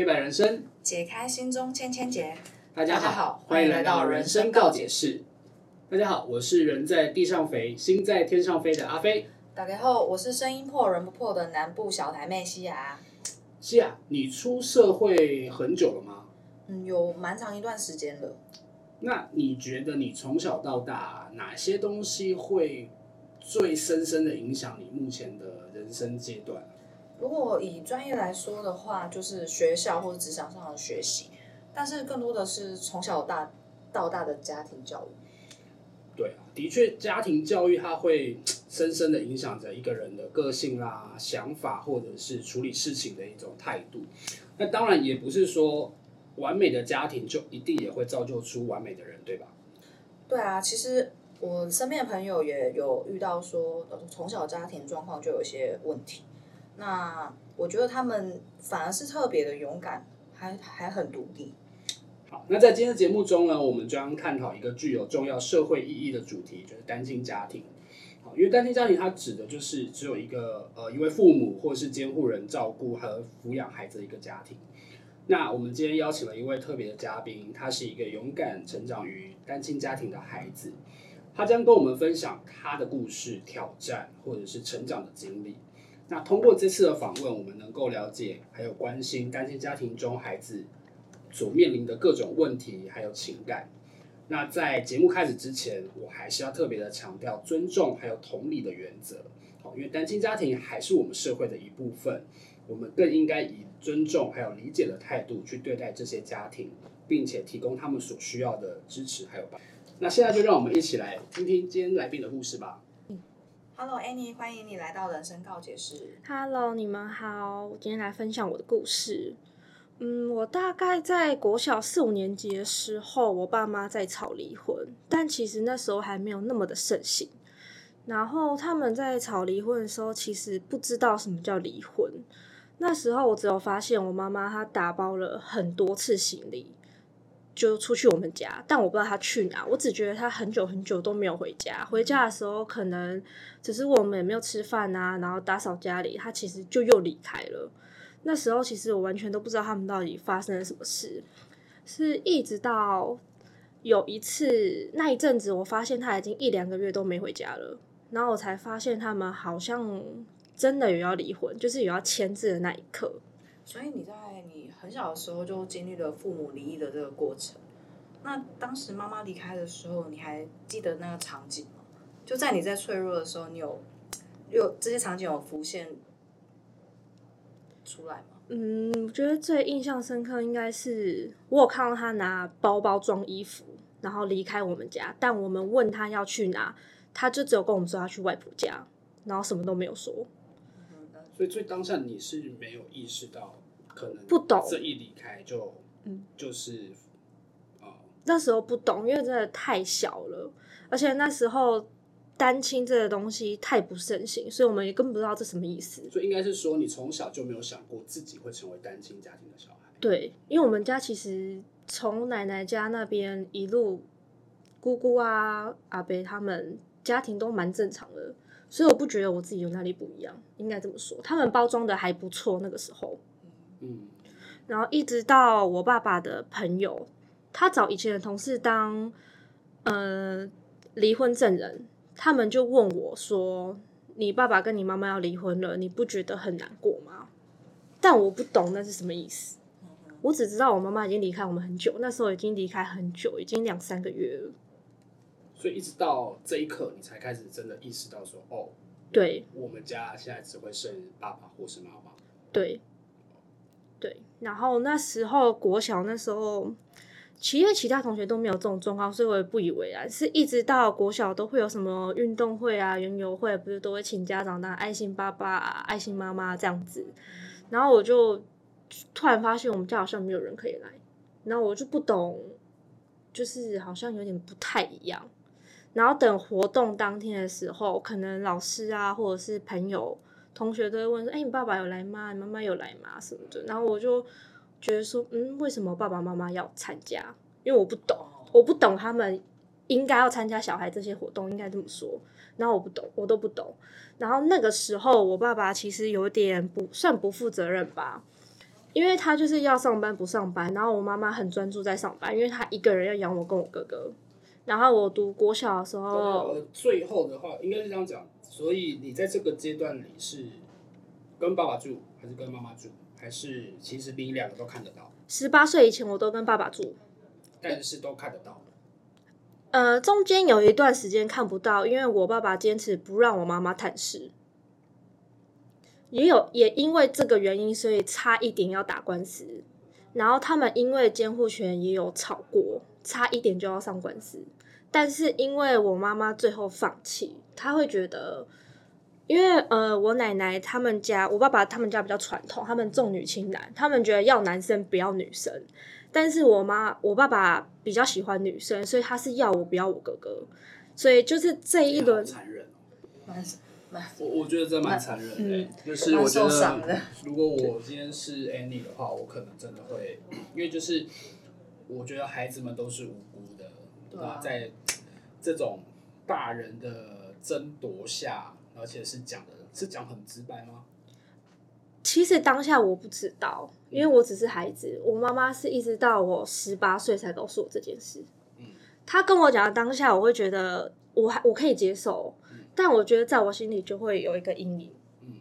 黑白人生，解開心中千千結。大家好，家好歡迎來到人生解人告解室。大家好，我是人在地上肥，心在天上飛的阿飛。大家好，我是聲音破人不破的南部小台妹西亞。西亞，你出社會很久了嗎？嗯，有蠻長一段時間了。那你覺得你從小到大，哪些東西會最深深的影響你目前的人生階段？如果以專業來說的話，就是學校或者職場上的學習，但是更多的是從小到大到大的家庭教育。對啊，的確，家庭教育它會深深的影響着一個人的個性啦、想法，或者是處理事情的一種態度。那當然也不是說完美的家庭就一定也會造就出完美的人，對吧？對啊，其實我身邊的朋友也有遇到說，呃，從小家庭狀況就有一些問題。那我覺得他們反而是特別的勇敢，還還很獨立。好，那在今天的節目中呢，我們將探討一個具有重要社會意義的主題，就是單親家庭。好，因為單親家庭它指的就是只有一個，呃，一位父母或是監護人照顧和撫養孩子的一個家庭。那我們今天邀請了一位特別的嘉賓，他是一個勇敢成長於單親家庭的孩子，他將跟我們分享他的故事、挑戰或者是成長的經歷。那通過這次的訪問，我們能夠了解還有關心單親家庭中孩子所面臨的各種問題，還有情感。那在節目開始之前，我還是要特別的強調尊重還有同理的原則。好，因為單親家庭還是我們社會的一部分，我們更應該以尊重還有理解的態度去對待這些家庭，並且提供他們所需要的支持還有幫助。那現在就讓我們一起來聽聽今天來賓的故事吧。Hello Annie，歡迎你來到人生告解室。Hello，你們好，我今天來分享我的故事。嗯，我大概在國小四五年級的時候，我爸媽在吵離婚，但其實那時候還沒有那麼的盛行。然後他們在吵離婚的時候，其實不知道什麼叫離婚。那時候我只有發現，我媽媽她打包了很多次行李。就出去我們家，但我不知道他去哪，我只覺得他很久很久都沒有回家。回家的時候，可能只是我們也沒有吃飯啊，然後打掃家裡，他其實就又離開了。那時候其實我完全都不知道他們到底發生了什麼事，是一直到有一次那一陣子，我發現他已經一兩個月都沒回家了，然後我才發現他們好像真的有要離婚，就是有要簽字的那一刻。所以你在你。很小的時候就經歷了父母離異的這個過程。那當時媽媽離開的時候，你還記得那個場景嗎？就在你在脆弱的時候，你有有這些場景有浮現出來嗎？嗯，我覺得最印象深刻應該是我有看到他拿包包裝衣服，然後離開我們家。但我們問他要去哪，他就只有跟我們說他去外婆家，然後什麼都沒有說。所以，最當下你是沒有意識到。可能不懂，這一離開就，嗯，就是、嗯嗯，那時候不懂，因為真的太小了，而且那時候單親這個東西太不盛行，所以我們也根本不知道這什麼意思。所以應該是說，你從小就沒有想過自己會成為單親家庭的小孩。對，因為我們家其實從奶奶家那邊一路，姑姑啊、阿伯他們家庭都蠻正常的，所以我不覺得我自己有哪裡不一樣。應該這麼說，他們包裝的還不錯，那個時候。嗯，然後一直到我爸爸的朋友，他找以前的同事當呃離婚證人，他們就問我說：“你爸爸跟你媽媽要離婚了，你不覺得很難過嗎？”但我不懂那是什麼意思，我只知道我媽媽已經離開我們很久，那時候已經離開很久，已經兩三個月了。所以一直到這一刻，你才開始真的意識到說：“哦，對，我們家現在只會剩爸爸或是媽媽。”對。對，然後那時候國小那時候，其實其他同學都沒有這種狀況，所以我也不以為然、啊。是一直到國小都會有什麼運動會啊、園遊會，不是都會請家長當愛心爸爸、啊、愛心媽媽這樣子。然後我就突然發現我們家好像沒有人可以來，然後我就不懂，就是好像有點不太一樣。然後等活動當天的時候，可能老師啊，或者是朋友。同學都會問說：“哎、欸，你爸爸有來嗎？你媽媽有來嗎？什麼的？”然後我就覺得說：“嗯，為什麼爸爸媽媽要參加？因為我不懂，我不懂他們應該要參加小孩這些活動，應該這麼說。然後我不懂，我都不懂。然後那個時候，我爸爸其實有點不算不負責任吧，因為他就是要上班不上班。然後我媽媽很專注在上班，因為她一個人要養我跟我哥哥。然後我讀國小的時候，最後的話應該是這樣講。”所以你在這個階段裡是跟爸爸住，還是跟媽媽住，還是其實你兩個都看得到？十八歲以前我都跟爸爸住，但是都看得到。呃，中間有一段時間看不到，因為我爸爸堅持不讓我媽媽探視，也有也因為這個原因，所以差一點要打官司。然後他們因為監護權也有吵過，差一點就要上官司，但是因為我媽媽最後放棄。他會覺得，因為呃，我奶奶他們家，我爸爸他們家比較傳統，他們重女輕男，他們覺得要男生不要女生。但是我媽我爸爸比較喜歡女生，所以他是要我不要我哥哥。所以就是這一輪，殘忍，我我覺得這蠻殘忍的、欸嗯，就是我覺得，如果我今天是 Annie 的話，我可能真的會，因為就是我覺得孩子們都是無辜的，對啊，在這種大人的。爭奪下，而且是講的是講很直白嗎？其實當下我不知道，因為我只是孩子，嗯、我媽媽是一直到我十八歲才告訴我這件事。嗯，她跟我講的當下，我會覺得我還我可以接受、嗯，但我覺得在我心裡就會有一個陰影。嗯，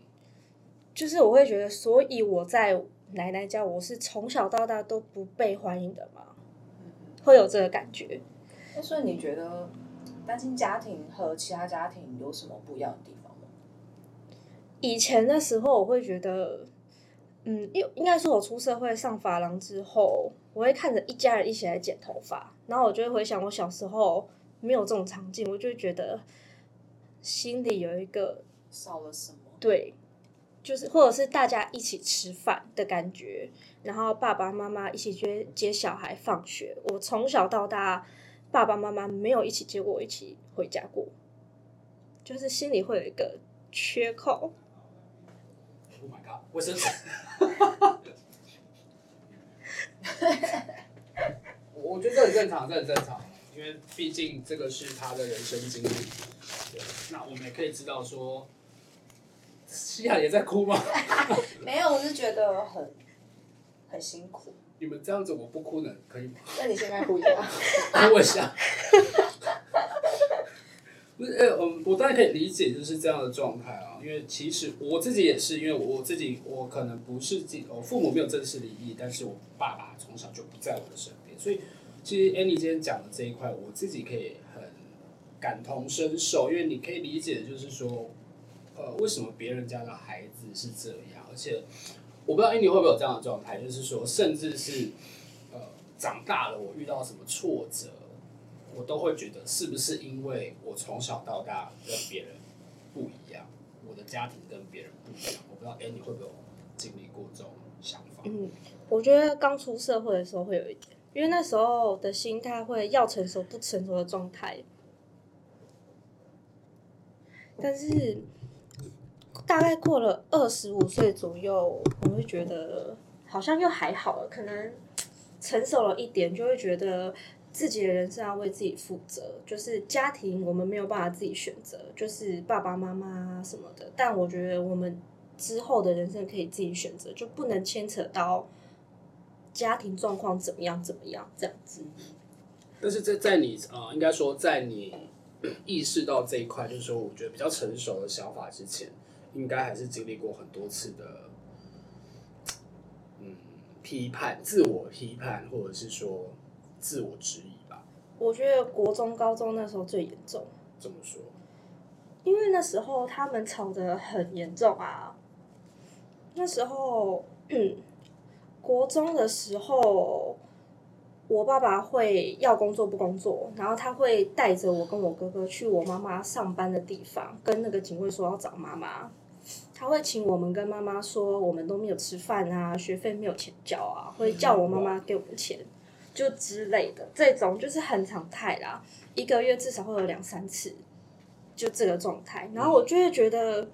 就是我會覺得，所以我在奶奶家，我是從小到大都不被歡迎的嘛、嗯，會有這個感覺。那、欸、所以你覺得、嗯？單親家庭和其他家庭有什麼不一樣的地方嗎？以前的時候，我會覺得，嗯，應應該說我出社會上髮廊之後，我會看着一家人一起來剪頭髮，然後我就回想我小時候沒有這種場景，我就會覺得心裡有一個少了什麼。對，就是或者是大家一起吃飯的感覺，然後爸爸媽媽一起接接小孩放學。我從小到大。爸爸媽媽沒有一起接過我一起回家過，就是心裡會有一個缺口。Oh my God, 我， 對 我覺得這很正常，這很正常，因為畢竟這個是他的人生經歷。那我們也可以知道說，西亞也在哭嗎？ 沒有，我是覺得很很辛苦。你們這樣子我不哭能可以嗎？那你現在哭一下。哭一下。不是，欸，嗯，我大概可以理解，就是這樣的狀態啊。因為其實我自己也是，因為我自己我可能不是自己，我父母沒有正式離異，但是我爸爸從小就不在我的身邊，所以其實 Annie 今天講的這一塊，我自己可以很感同身受，因為你可以理解，就是說，呃，為什麼別人家的孩子是這樣，而且。我不知道 Amy 會不會有這樣的狀態，就是說，甚至是，呃，長大了，我遇到什麼挫折，我都會覺得是不是因為我從小到大跟別人不一樣，我的家庭跟別人不一樣。我不知道 Amy 會不會有經歷過這種想法？嗯，我覺得剛出社會的時候會有一點，因為那時候我的心態會要成熟不成熟的狀態，但是。嗯大概過了二十五歲左右，我會覺得好像又還好了，可能成熟了一點，就會覺得自己的人生要為自己負責。就是家庭，我們沒有辦法自己選擇，就是爸爸媽媽什麼的。但我覺得我們之後的人生可以自己選擇，就不能牽扯到家庭狀況怎麼樣怎麼樣這樣子。但是在在你啊，呃，應該說在你意識到這一塊，就是說我覺得比較成熟的想法之前。應該還是經歷過很多次的，嗯，批判、自我批判，或者是說自我質疑吧。我覺得國中、高中那時候最嚴重。怎麼說？因為那時候他們吵得很嚴重啊。那時候，嗯，國中的時候。我爸爸會要工作不工作，然後他會帶着我跟我哥哥去我媽媽上班的地方，跟那個警衛說要找媽媽。他會請我們跟媽媽說我們都沒有吃飯啊，學費沒有錢交啊，會叫我媽媽給我們錢，就之類的，這種就是很常態啦，一個月至少會有兩三次，就這個狀態。嗯。然後我就會覺得，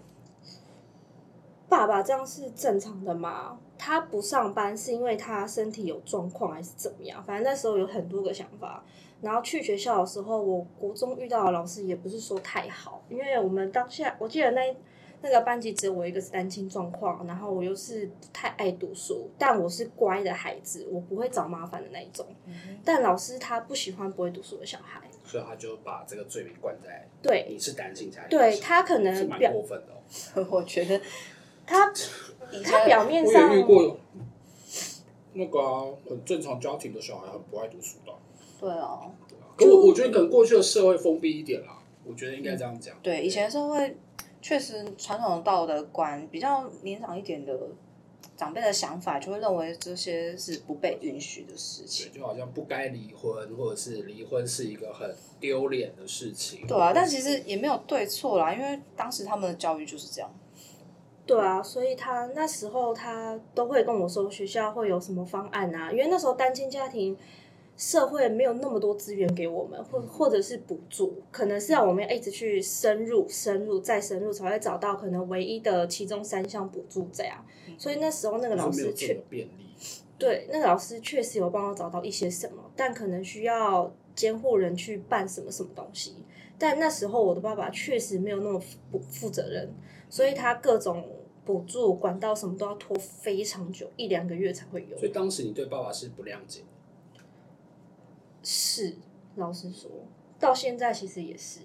爸爸這樣是正常的嗎？他不上班是因為他身體有狀況還是怎麼樣？反正那時候有很多個想法。然後去學校的時候，我國中遇到的老師也不是說太好，因為我們當下我記得那那個班級只有我一個是單親狀況，然後我又是不太愛讀書，但我是乖的孩子，我不會找麻煩的那一種，嗯。但老師他不喜歡不會讀書的小孩，所以他就把這個罪名冠在對你是單親家庭。對，對他可能蠻過分的哦， 我覺得他。 啊、他表面上，遇過那個、啊、很正常家庭的小孩很不愛讀書的。對哦、對啊。可我，我覺得可能過去的社會封閉一點啦，我覺得應該這樣講。嗯、對，以前社會確實傳統的道德觀，比較年長一點的長輩的想法，就會認為這些是不被允許的事情。對，就好像不該離婚，或者是離婚是一個很丟臉的事情。對啊，但其實也沒有對錯啦，因為當時他們的教育就是這樣。對啊，所以他那時候他都會跟我說，學校會有什麼方案啊，因為那時候單親家庭社會沒有那麼多資源給我們，或或者是補助，可能是要我們一直去深入、深入、再深入，才會找到可能唯一的其中三項補助這樣。嗯、所以那時候那個老師確便利，對，那個老師確實有幫我找到一些什麼，但可能需要監護人去辦什麼什麼東西。但那時候我的爸爸確實沒有那麼負責任，所以他各種補助管道什麼都要拖非常久，一兩個月才會有。所以當時你對爸爸是不諒解的？是，老實說，到現在其實也是，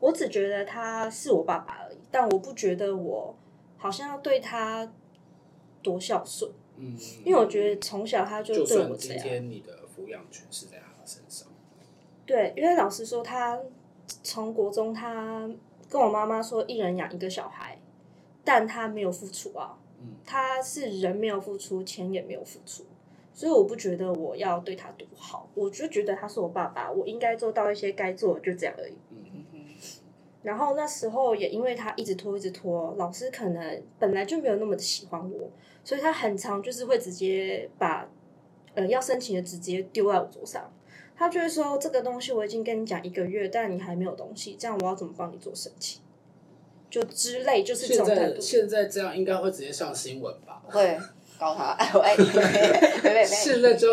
我只覺得他是我爸爸而已，但我不覺得我好像要對他多孝順，嗯，嗯，嗯，因為我覺得從小他就對我這樣。就算今天你的撫養權是在他身上，對，因為老實說他。從國中，他跟我媽媽說一人養一個小孩，但他沒有付出啊，他是人沒有付出，錢也沒有付出，所以我不覺得我要對他多好，我就覺得他是我爸爸，我應該做到一些該做的，就這樣而已。嗯哼哼。然後那時候也因為他一直拖，一直拖，老師可能本來就沒有那麼的喜歡我，所以他很常就是會直接把呃要申請的直接丟在我桌上。他就會說，這個東西我已經跟你講一個月，但你還沒有東西，這樣我要怎麼幫你做申請？就之類，就是這種。現在現在這樣應該會直接上新聞吧？會搞他？現在這樣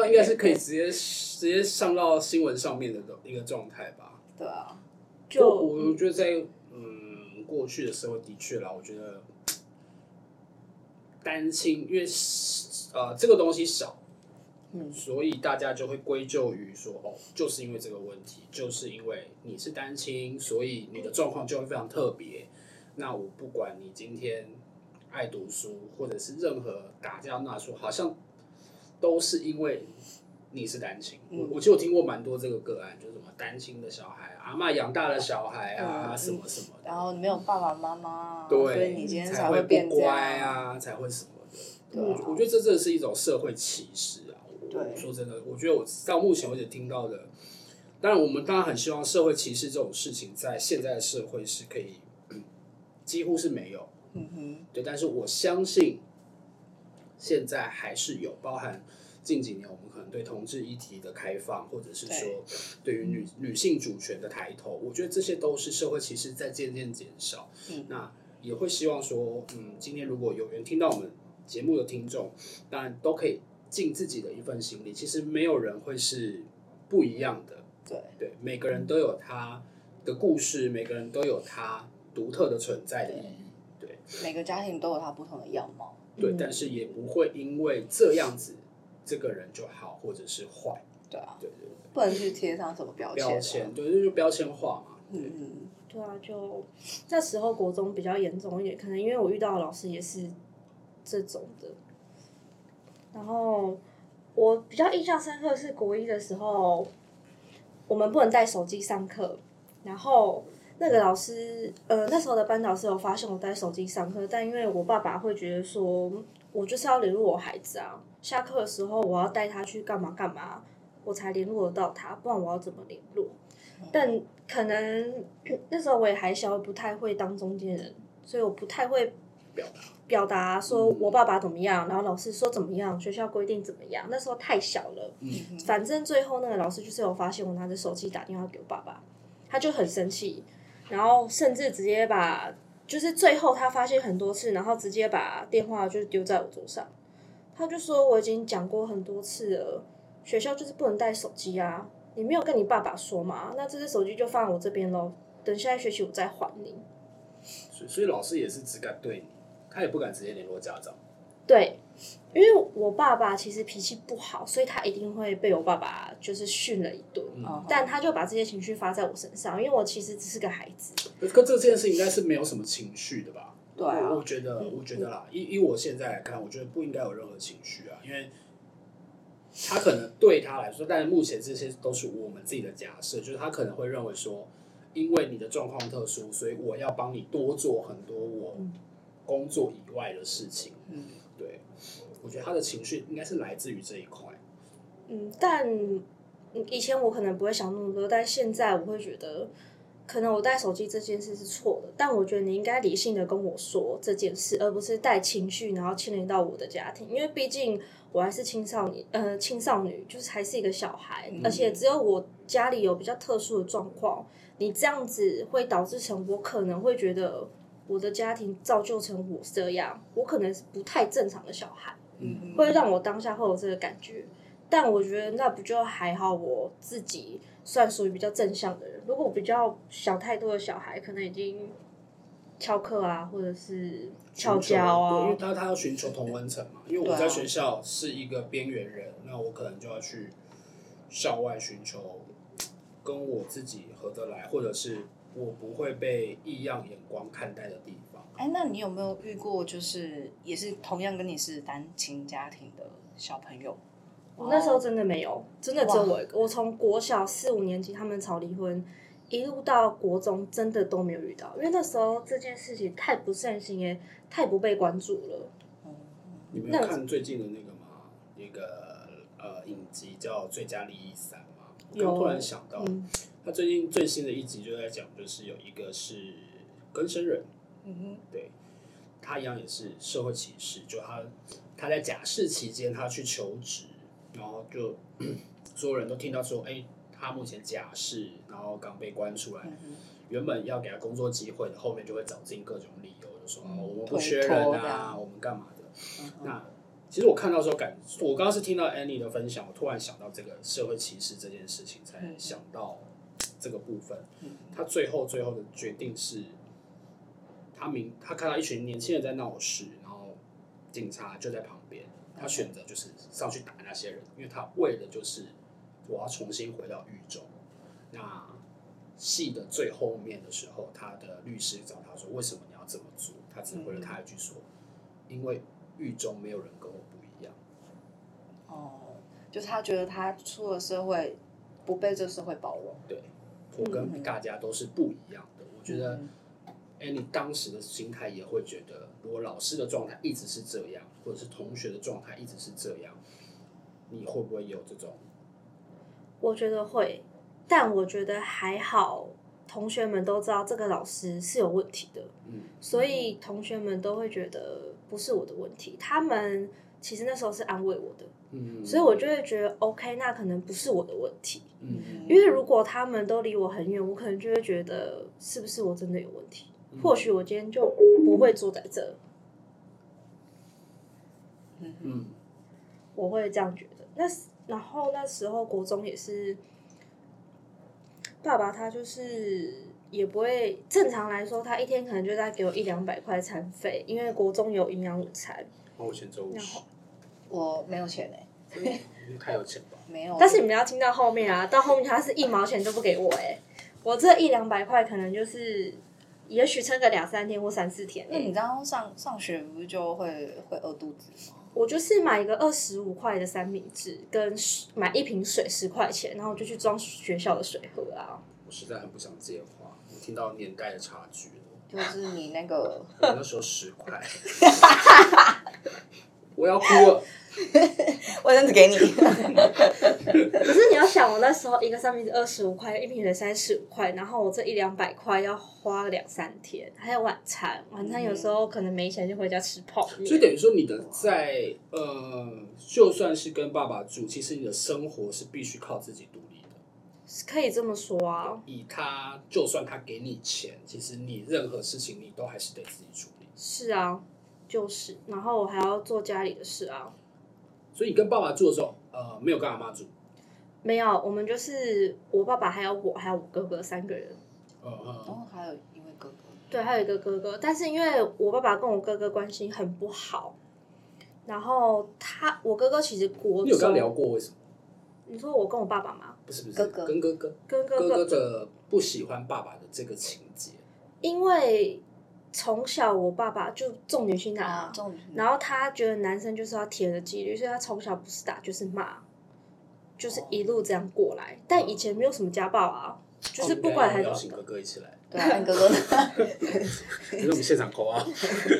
應該 是可以直接直接上到新聞上面的一個狀態吧？對啊，就我覺得在嗯，嗯過去的時候的確啦，我覺得單親因為呃這個東西少。所以大家就會歸咎於說，哦，就是因為這個問題，就是因為你是單親，所以你的狀況就會非常特別。那我不管你今天愛讀書，或者是任何打架鬧事，好像都是因為你是單親。我我其實我聽過蠻多這個個案，就是、什麼單親的小孩，阿嬤養大的小孩啊、嗯，什麼什麼的。然後你沒有爸爸媽媽、啊，對，你今天才會變啊才會不乖啊，才會什麼的。對，啊對啊，我覺得這真的是一種社會歧視啊。對，說真的，我覺得我到目前為止聽到的，當然我們當然很希望社會歧視這種事情在現在的社會是可以幾乎是沒有，嗯哼，對，但是我相信現在還是有，包含近幾年我們可能對同志議題的開放，或者是說對於女對女性主權的抬頭，我覺得這些都是社會歧視在漸漸減少。嗯，那也會希望說，嗯，今天如果有緣聽到我們節目的聽眾，當然都可以。盡自己的一份心力，其實沒有人會是不一樣的。對對，每個人都有他的故事，每個人都有他獨特的存在的意義。對對。對，每個家庭都有他不同的樣貌。對，嗯，但是也不會因為這樣子，這個人就好或者是壞。對啊，對對對，不能去貼上什麼標籤。標籤對，就是標籤化嘛。嗯，對啊，就那時候國中比較嚴重一點，可能因為我遇到的老師也是這種的。然後我比較印象深刻的是國一的時候，我們不能帶手機上課。然後那個老師，呃，那時候的班導師有發現我帶手機上課，但因為我爸爸會覺得說，我就是要聯絡我孩子啊。下課的時候我要帶他去幹嘛幹嘛，我才聯絡得到他，不然我要怎麼聯絡？但可能那時候我也還小，不太會當中間人，所以我不太會。表達，表達說我爸爸怎麼樣、嗯，然後老師說怎麼樣，學校規定怎麼樣。那時候太小了、嗯，反正最後那個老師就是有發現我拿着手機打電話給我爸爸，他就很生氣，然後甚至直接把，就是最後他發現很多次，然後直接把電話就丟在我桌上。他就說，我已經講過很多次了，學校就是不能帶手機啊，你沒有跟你爸爸說嘛。那這隻手機就放我這邊咯，等下一學期我再還你。所以，所以老師也是只敢對你。他也不敢直接聯絡家長，對，因為我爸爸其實脾氣不好，所以他一定會被我爸爸就是訓了一頓、嗯，但他就把這些情緒發在我身上，因為我其實只是個孩子。可可這件事應該是沒有什麼情緒的吧？對、啊，我覺得，我覺得啦，嗯、以以我現在來看，我覺得不應該有任何情緒啊，因為他可能對他來說，但是目前這些都是我們自己的假設，就是他可能會認為說，因為你的狀況特殊，所以我要幫你多做很多我，嗯工作以外的事情，嗯，對，我覺得他的情緒應該是來自於這一塊，嗯，但以前我可能不會想那麼多，但現在我會覺得，可能我帶手機這件事是錯的，但我覺得你應該理性的跟我說這件事，而不是帶情緒，然後牽連到我的家庭，因為畢竟我還是青少年，呃，青少女就是還是一個小孩，嗯，而且只有我家裡有比較特殊的狀況，你這樣子會導致成我可能會覺得。我的家庭造就成我這樣，我可能是不太正常的小孩，嗯、會讓我當下會有這個感覺。但我覺得那不就還好，我自己算屬於比較正向的人。如果我比較想太多的小孩，可能已經翹課啊，或者是翹家啊，因為他他要尋求同溫層嘛。因為我在學校是一個邊緣人，啊，那我可能就要去校外尋求跟我自己合得來，或者是。我不會被異樣眼光看待的地方。哎、欸，那你有沒有遇過？就是也是同樣跟你是單親家庭的小朋友，我那時候真的沒有，真的只有我一個。我從國小四五年級他們吵離婚，一路到國中，真的都沒有遇到，因為那時候這件事情太不盛行，也、欸、太不被關注了。哦、嗯，你們看最近的那個嗎？那個呃，影集叫《最佳利益三》。剛突然想到、嗯，他最近最新的一集就在講，就是有一個是更生人，嗯對，他一樣也是社會歧視，就他他在假釋期間，他去求職，然後就所有人都聽到說，哎，他目前假釋，然後剛被關出來，嗯，原本要給他工作機會，後，後面就會找盡各種理由，就說我們不缺人啊，okay. 我們幹嘛的，嗯嗯、那。其實我看到的時候感覺，我剛剛是聽到 Annie 的分享，我突然想到這個社會歧視這件事情，才想到這個部分、嗯。他最後最後的決定是，他明他看到一群年輕人在鬧事，然後警察就在旁邊，他選擇就是上去打那些人、嗯，因為他為的就是我要重新回到獄中。那戲的最後面的時候，他的律師找他說，為什麼你要這麼做？他只回了他一句說，嗯、因為。獄中沒有人跟我不一樣，哦，就是他覺得他出了社會不被這社會包容。對，我跟大家都是不一樣的。嗯、我覺得，哎、嗯欸，你當時的心態也會覺得，如果老師的狀態一直是這樣，或者是同學的狀態一直是這樣，你會不會有這種？我覺得會，但我覺得還好。同學們都知道這個老師是有問題的，嗯，所以同學們都會覺得不是我的問題。嗯、他們其實那時候是安慰我的，嗯、所以我就會覺得、嗯、OK，那可能不是我的問題。嗯、因為如果他們都離我很遠，我可能就會覺得是不是我真的有問題？嗯、或許我今天就不會坐在這兒。嗯嗯，我會這樣覺得。那然後那時候國中也是。爸爸他就是也不會正常來說，他一天可能就在給我一兩百塊餐費，因為國中有營養午餐。哦、我錢多，我沒有錢呢、欸。因為太有錢吧？沒有。但是你們要聽到後面啊，到後面他是一毛錢都不給我哎、欸，我這一兩百塊可能就是，也許撐個兩三天或三四天、欸。那、欸、你剛剛上上學不是就會會餓肚子嗎？我就是買一個二十五塊的三明治，跟買一瓶水十塊錢，然後就去裝學校的水喝啊。我實在很不想接話，我聽到年代的差距就是你那個， 我那時候十塊。 我要哭了，衛生紙給你 。可是你要想，我那時候一個三明治是二十五塊，一瓶水三十五塊，然後我這一兩百塊要花兩三天，還有晚餐，晚餐有時候可能沒錢就回家吃泡麵。嗯。所以等於說，你的在呃，就算是跟爸爸住，其實你的生活是必須靠自己獨立的，可以這麼說啊。以他，就算他給你錢，其實你任何事情你都還是得自己處理。是啊。就是，然後我還要做家裡的事啊。所以你跟爸爸住的時候，呃，沒有跟阿媽住？沒有，我們就是我爸爸，還有我，還有我哥哥三個人。哦、嗯、哦、嗯。然後還有一位哥哥。對，還有一個哥哥，但是因為我爸爸跟我哥哥關係很不好，然後他我哥哥其實你有跟他聊過，為什麼？你說我跟我爸爸嗎？不是不是，哥哥跟哥哥跟哥哥，哥哥的不喜歡爸爸的這個情節，因為。從小我爸爸就重女輕男，然後他覺得男生就是要鐵的紀律，所以他從小不是打就是罵，就是一路這樣過來。啊、但以前沒有什麼家暴啊，啊，就是不管、啊、還是哥哥一起來，對啊，哥哥。那 我們現場扣啊！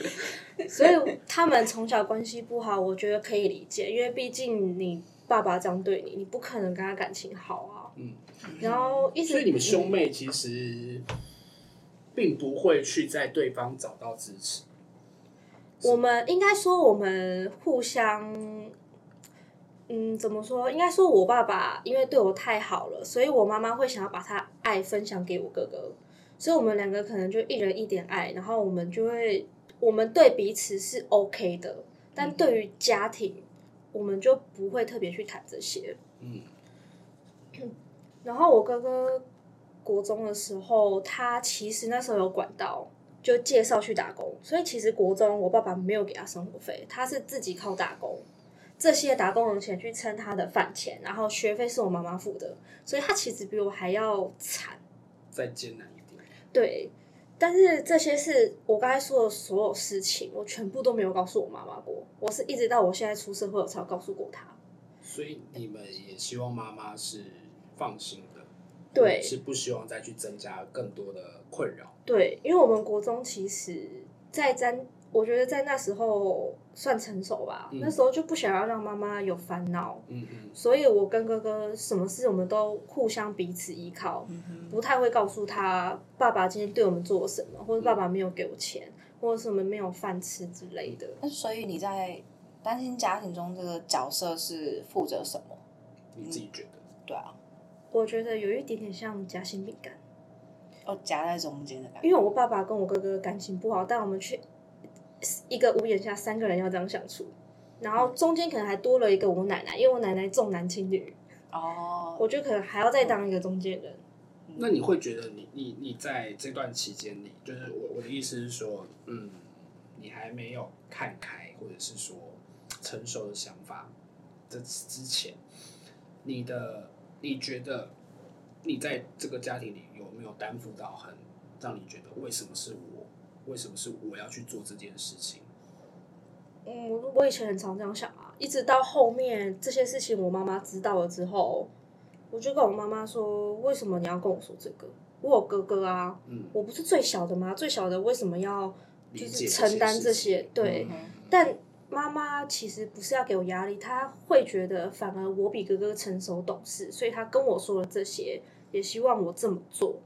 所以他們從小關係不好，我覺得可以理解，因為畢竟你爸爸這樣對你，你不可能跟他感情好啊。嗯，然後一直，所以你們兄妹其實。並不會去在對方找到支持。我們應該說，我們互相，嗯，怎麼說？應該說，我爸爸因為對我太好了，所以我媽媽會想要把他愛分享給我哥哥，所以我們兩個可能就一人一點愛，然後我們就會，我們對彼此是 OK 的，但對於家庭，我們就不會特別去談這些。嗯。然後我哥哥。國中的時候，他其實那時候有管道，就介紹去打工。所以其實國中我爸爸沒有給他生活費，他是自己靠打工，這些打工的錢去撐他的飯錢，然後學費是我媽媽付的。所以他其實比我還要慘，再艱難一點。對，但是這些是我剛才說的所有事情，我全部都沒有告訴我媽媽過。我是一直到我現在出社會才告訴過他。所以你們也希望媽媽是放心的？對，是不希望再去增加更多的困擾。對，因為我們國中其實在，在咱我覺得在那時候算成熟吧，嗯、那時候就不想要讓媽媽有煩惱。嗯嗯。所以我跟哥哥什麼事，我們都互相彼此依靠，嗯嗯不太會告訴他爸爸今天對我們做了什麼，或者爸爸沒有給我錢，嗯、或者是我們沒有飯吃之類的、嗯。那所以你在單親家庭中，這個角色是負責什麼？你自己覺得？嗯、對啊。我覺得有一點點像夾心餅乾，要夾在中間的感覺。因為我爸爸跟我哥哥感情不好，但我們去一個屋檐下三個人要這樣相處，然後中間可能還多了一個我奶奶，因為我奶奶重男輕女，哦，我覺得可能還要再當一個中間人、嗯。那你會覺得你你你在這段期間裡，就是我我的意思是說，嗯，你還沒有看開，或者是說成熟的想法，在這之前你的。你覺得你在這個家庭裡有沒有擔負到很讓你覺得為什麼是我，為什麼是我要去做這件事情？嗯，我以前很常這樣想啊，一直到後面這些事情我媽媽知道了之後，我就跟我媽媽說：“為什麼你要跟我說這個？我有哥哥啊，嗯、我不是最小的嗎？最小的為什麼要就是承擔這些？這些對、嗯，但。”媽媽其實不是要給我壓力，她會覺得反而我比哥哥成熟懂事，所以她跟我說了這些，也希望我這麼做。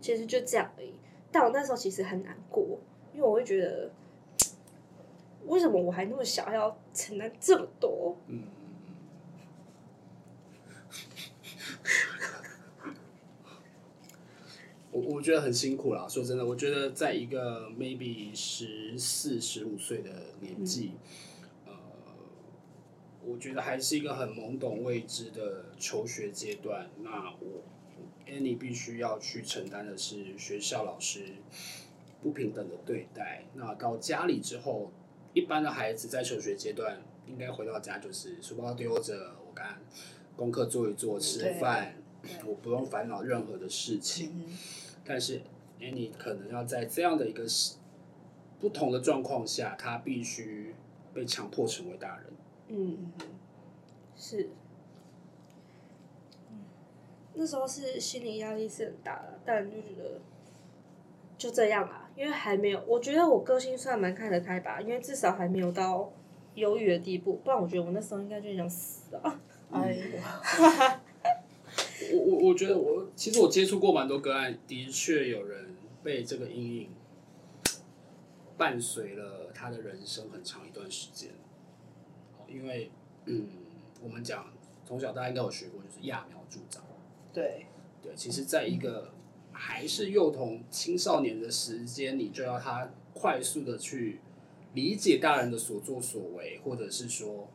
其實就這樣而已，但我那時候其實很難過，因為我會覺得，為什麼我還那麼小要承擔這麼多？嗯， 我我覺得很辛苦啦。說真的，我覺得在一個 maybe 十四十五歲的年紀。嗯我覺得還是一個很懵懂未知的求學階段。那我 Annie 必須要去承擔的是學校老師不平等的對待。那到家裡之後，一般的孩子在求學階段應該回到家就是書包丟着，我幹功課做一做，okay. 吃飯，我不用煩惱任何的事情。但是 Annie 可能要在這樣的一個不同的狀況下，他必須被強迫成為大人。嗯，是。那時候是心理壓力是很大的、啊，但就覺得就這樣吧、啊，因為還沒有，我覺得我個性算蠻看得開吧，因為至少還沒有到憂鬱的地步，不然我覺得我那時候應該就想死了、啊。哎、嗯、呀， 我我我覺得我其實我接觸過蠻多個案，的確有人被這個陰影伴隨了他的人生很長一段時間。因為，嗯，我們講從小大家應該有學過，就是揠苗助長。對對，其實，在一個還是幼童、青少年的時間，你就要他快速的去理解大人的所作所為，或者是說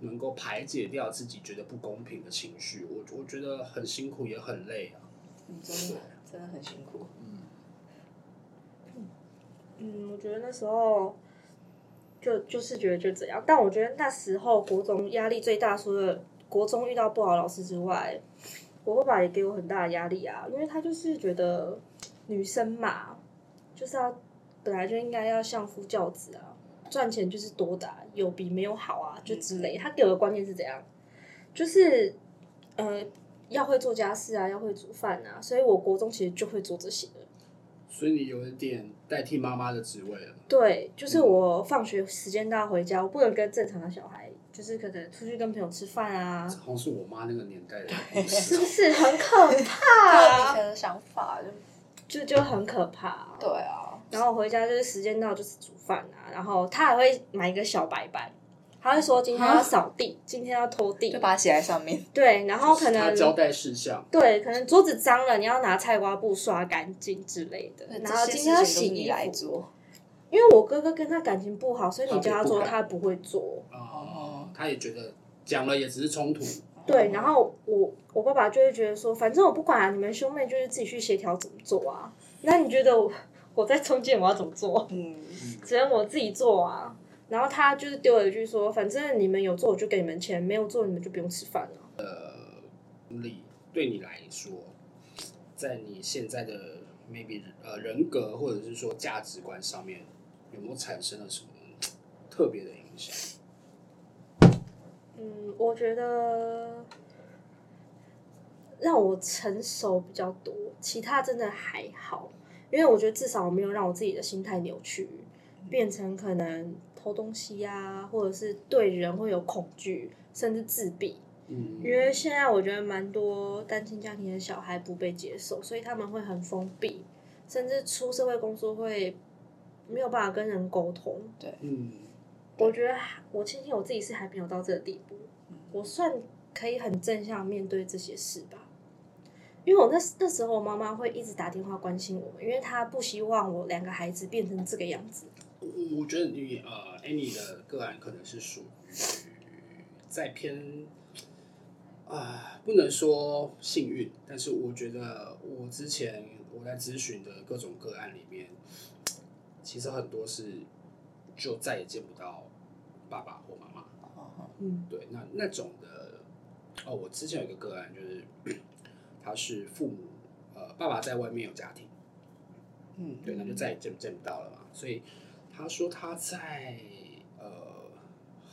能夠排解掉自己覺得不公平的情緒。我我覺得很辛苦，也很累啊。嗯，真的，真的很辛苦。嗯。嗯，我覺得那時候。就就是覺得就這樣，但我覺得那時候國中壓力最大，除了國中遇到不好老師之外，我爸爸也給我很大的壓力啊，因為他就是覺得女生嘛，就是要本來就應該要相夫教子啊，賺錢就是多的，有比沒有好啊，就之類。 他給我的觀念是怎樣，就是呃要會做家事啊，要會煮飯啊，所以我國中其實就會做這些的。所以你有一點。代替媽媽的職位了。對，就是我放學時間到回家，我不能跟正常的小孩，就是可能出去跟朋友吃飯啊。好像是我媽那個年代的， 是不是很可怕啊？以 前的想法就就就很可怕啊。對啊，然後我回家就是時間到就是煮飯啊，然後他還會買一個小白板。他會說，今天要掃地，今天要拖地，就把他寫在上面。對，然後可能、就是、他交代事項，對，可能桌子髒了，你要拿菜瓜布刷乾淨之類的。然後今天要洗衣服。因為我哥哥跟他感情不好，所以你叫他做，他不會做。哦，哦，他也覺得講了也只是衝突。對，然後我我爸爸就會覺得說，反正我不管、啊、你們兄妹就是自己去協調怎麼做啊。那你覺得我，我在中間我要怎麼做？嗯，嗯。只能我自己做啊。然後他就是丟了一句說：“反正你們有做，我就給你們錢；沒有做，你們就不用吃飯了。”呃，你對你來說，在你現在的 maybe 人格或者是說價值觀上面，有沒有產生了什麼特別的影響？嗯，我覺得讓我成熟比較多，其他真的還好，因為我覺得至少我沒有讓我自己的心態扭曲，變成可能。偷東西呀、啊，或者是對人會有恐懼，甚至自閉。嗯，因為現在我覺得蠻多單親家庭的小孩不被接受，所以他們會很封閉，甚至出社會工作會沒有辦法跟人溝通。對，嗯，我覺得我慶幸我自己是還沒有到這個地步，我算可以很正向面對這些事吧。因為我那那時候，我媽媽會一直打電話關心我，因為她不希望我兩個孩子變成這個樣子。嗯、我覺得你呃，Amy 的個案可能是屬於在偏啊、呃，不能說幸運，但是我覺得我之前我在諮詢的各種個案裡面，其實很多是就再也見不到爸爸或媽媽。嗯，對，那那種的哦、呃，我之前有一個個案，就是他是父母呃，爸爸在外面有家庭，嗯，對，那就再也見不見不到了嘛，所以。他說他在呃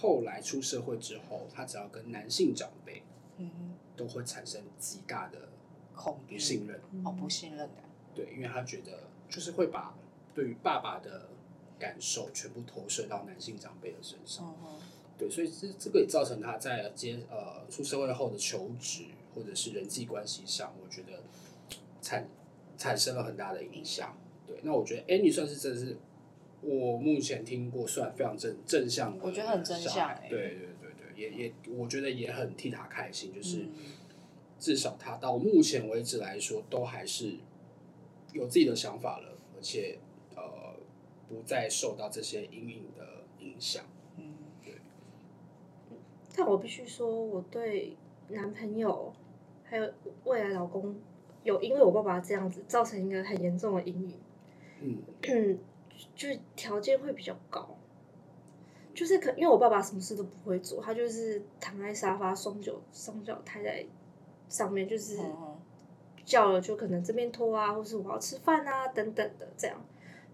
後來出社會之後，他只要跟男性長輩，嗯都會產生極大的恐懼、不信任哦，不信任感。對，因為他覺得就是會把對於爸爸的感受全部投射到男性長輩的身上哦哦。對，所以這這個也造成他在接呃出社會後的求職或者是人際關係上，我覺得產產生了很大的影響。對，那我覺得，哎、欸，你算是真的是。我目前聽過算非常正正向的，我覺得很正向、欸，對對對對，也也我覺得也很替他開心，就是、嗯、至少他到目前為止來說，都還是有自己的想法了，而且呃不再受到這些陰影的影響。嗯，對。但我必須說，我對男朋友還有未來老公有因為我爸爸這樣子造成一個很嚴重的陰影。嗯。就是條件會比較高，就是可因為我爸爸什麼事都不會做，他就是躺在沙發，雙腳雙腳抬在上面，就是叫了就可能這邊拖啊，或是我要吃飯啊等等的這樣。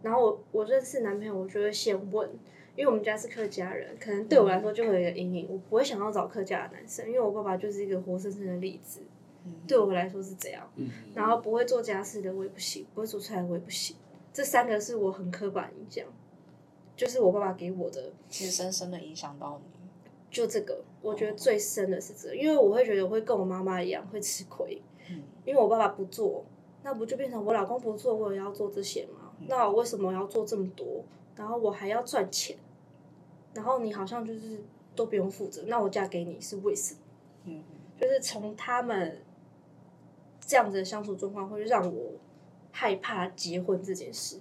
然後我我認識男朋友，我就會先問，因為我們家是客家人，可能對我來說就會有一個陰影，我不會想要找客家的男生，因為我爸爸就是一個活生生的例子，嗯，對我來說是這樣。然後不會做家事的我也不行，不會做菜我也不行。這三個是我很刻板印象，就是我爸爸給我的，其實深深的影響到你。就這個，我覺得最深的是這個，因為我會覺得我會跟我媽媽一樣會吃虧。嗯，因為我爸爸不做，那不就變成我老公不做，我也要做這些嗎？嗯。那我為什麼要做這麼多？然後我還要賺錢，然後你好像就是都不用負責，那我嫁給你是為什麼？嗯嗯，就是從他們這樣子的相處狀況會讓我。害怕結婚這件事，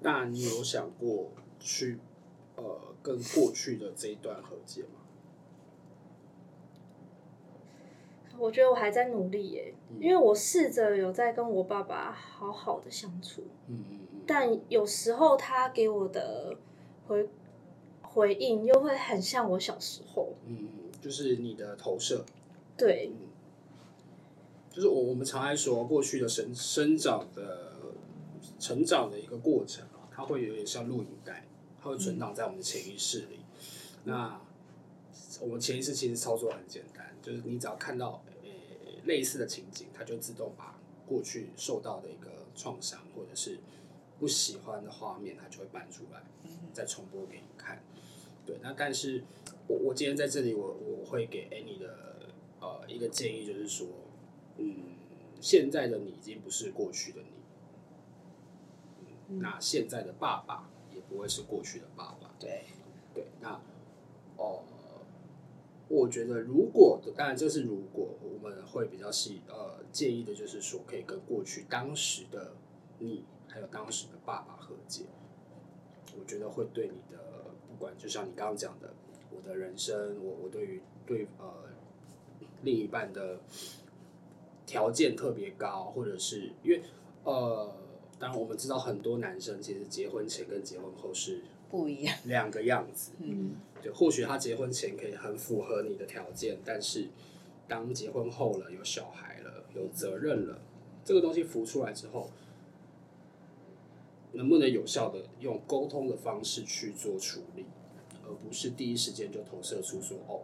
那你有想過去呃跟過去的這一段和解嗎？我覺得我還在努力耶，嗯，因為我試着有在跟我爸爸好好的相處，嗯，但有時候他給我的回回應又會很像我小時候，嗯，就是你的投射，對。嗯就是我我們常愛說過去的生生長的成長的一個過程啊，它會有點像錄影帶，它會存檔在我們的潛意識裡。嗯、那我們潛意識其實操作很簡單，就是你只要看到呃、欸、類似的情景，它就自動把過去受到的一個創傷或者是不喜歡的畫面，它就會搬出來，再重播給你看。對，那但是我我今天在這裡我，我我會給 Annie 的呃一個建議，就是說。嗯，現在的你已經不是過去的你。嗯，那現在的爸爸也不會是過去的爸爸。對，對，那哦，我覺得如果當然就是如果我們會比較是呃建議的就是說，可以跟過去當時的你還有當時的爸爸和解。我覺得會對你的不管，就像你剛剛講的，我的人生，我我對於對呃另一半的。條件特別高，或者是因為，呃，當然我們知道很多男生其實結婚前跟結婚後是不一樣，兩個樣子。嗯，就或許他結婚前可以很符合你的條件，但是當結婚後了，有小孩了，有責任了，這個東西浮出來之後，能不能有效的用溝通的方式去做處理，而不是第一時間就投射出說哦，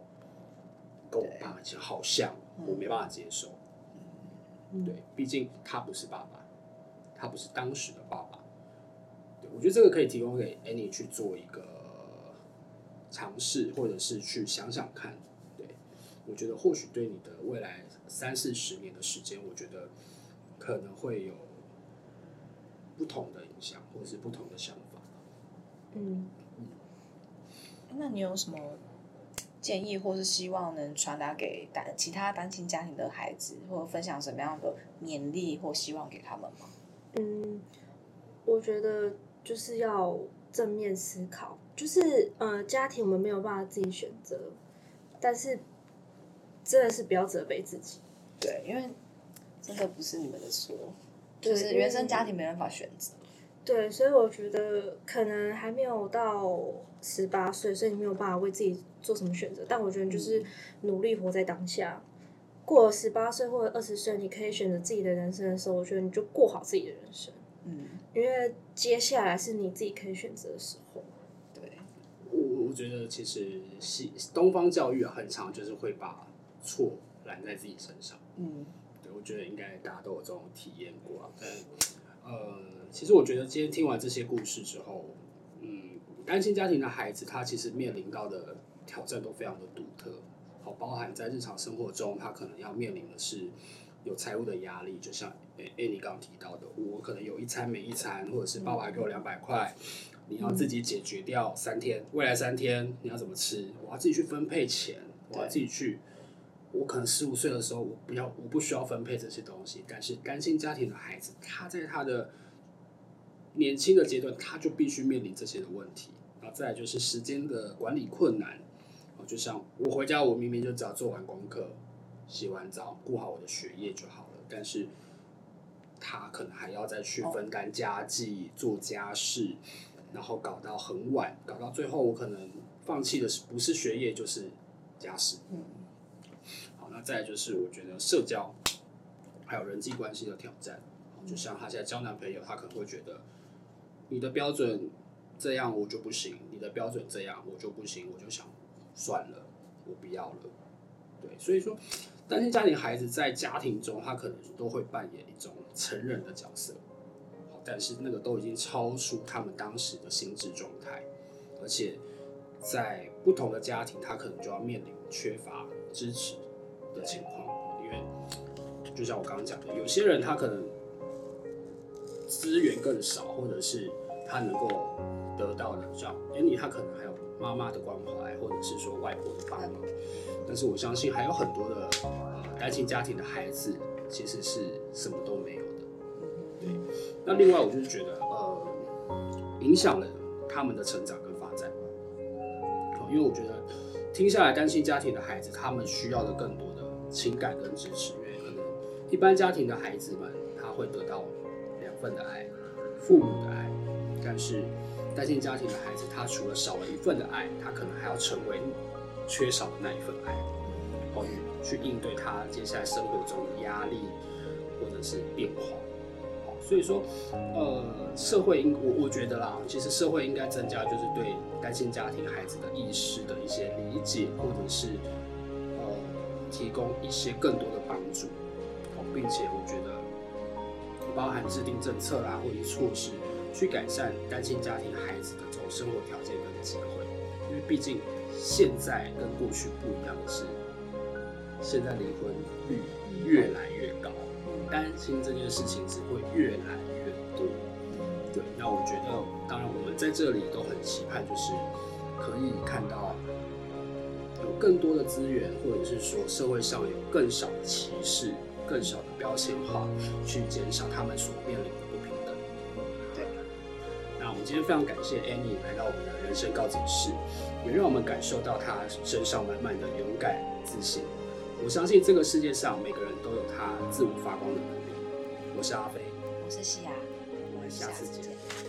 跟我爸好像，我沒辦法接受。對，畢竟他不是爸爸，他不是當時的爸爸。對，我覺得這個可以提供給 Any 去做一個嘗試，或者是去想想看。對，我覺得或許對你的未來三四十年的時間，我覺得可能會有不同的影響，或者是不同的想法。嗯，嗯，那你有什麼？建議或是希望能傳達給單其他單親家庭的孩子，或分享什麼樣的勉勵或希望給他們嗎？嗯，我覺得就是要正面思考，就是呃，家庭我們沒有辦法自己選擇，但是真的是不要責備自己，對，因為真的不是你們的錯，對，就是原生家庭沒辦法選擇。對，所以我覺得可能還沒有到十八歲，所以你沒有辦法為自己做什麼選擇。但我覺得就是努力活在當下。嗯，過了十八歲或者二十歲，你可以選擇自己的人生的時候，我覺得你就過好自己的人生。嗯。因為接下來是你自己可以選擇的時候。對。我我覺得其實西東方教育很常就是會把錯攬在自己身上。嗯。對，我覺得應該大家都有這種體驗過，啊，但呃，其實我覺得今天聽完這些故事之後，嗯，單親家庭的孩子他其實面臨到的挑戰都非常的獨特，好，包含在日常生活中，他可能要面臨的是有財務的壓力，就像 Annie 剛提到的，我可能有一餐沒一餐、嗯，或者是爸爸給我兩百塊，你要自己解決掉三天，未來三天你要怎麼吃，我要自己去分配錢，我要自己去。我可能十五歲的時候，我不要，我不需要分配這些東西。但是單親家庭的孩子，他在他的年輕的階段，他就必須面臨這些的問題。然後再來就是時間的管理困難。就像我回家，我明明就只要做完功課、洗完澡、顧好我的學業就好了，但是他可能還要再去分擔家計、做家事、哦，然後搞到很晚，搞到最後我可能放棄的不是學業，就是家事。嗯那再就是，我覺得社交還有人際關係的挑戰，就像她現在交男朋友，她可能會覺得你的標準這樣我就不行，你的標準這樣我就不行，我就想算了，我不要了。對，所以說單親家庭孩子在家庭中，他可能都會扮演一種成人的角色，但是那個都已經超出他們當時的心智狀態，而且在不同的家庭，他可能就要面臨缺乏支持。的情況，因為就像我剛剛講的，有些人他可能資源更少，或者是他能夠得到的像安妮，他可能還有媽媽的關懷，或者是說外婆的幫忙。但是我相信還有很多的單親家庭的孩子，其實是什麼都沒有的。對，那另外我就是覺得，呃，影響了他們的成長跟發展。因為我覺得聽下來，單親家庭的孩子，他們需要的更多，情感跟支持原因，因為可能一般家庭的孩子們，他會得到兩份的愛，父母的愛。但是單親家庭的孩子，他除了少了一份的愛，他可能還要成為缺少的那一份愛，好、哦，去應對他接下來生活中的壓力或者是變化。好、哦，所以說，呃，社會應我我覺得啦，其實社會應該增加就是對單親家庭孩子的意識的一些理解，或者是。提供一些更多的幫助，哦，並且我覺得包含制定政策啊，或者措施，去改善單親家庭孩子的這種生活條件跟機會。因為畢竟現在跟過去不一樣的是，現在離婚率越來越高，擔心這件事情只會越來越多，嗯。對，那我覺得，嗯，當然我們在這裡都很期盼，就是可以看到，啊。更多的資源，或者是說社會上有更少的歧視、更少的標籤化，去減少他們所面臨的不平等。對，那我們今天非常感謝 Annie 來到我們的人生告解室，也讓我們感受到她身上滿滿的勇敢、自信。我相信這個世界上每個人都有她自我發光的能力。我是阿飛，我是西雅，我們下次見。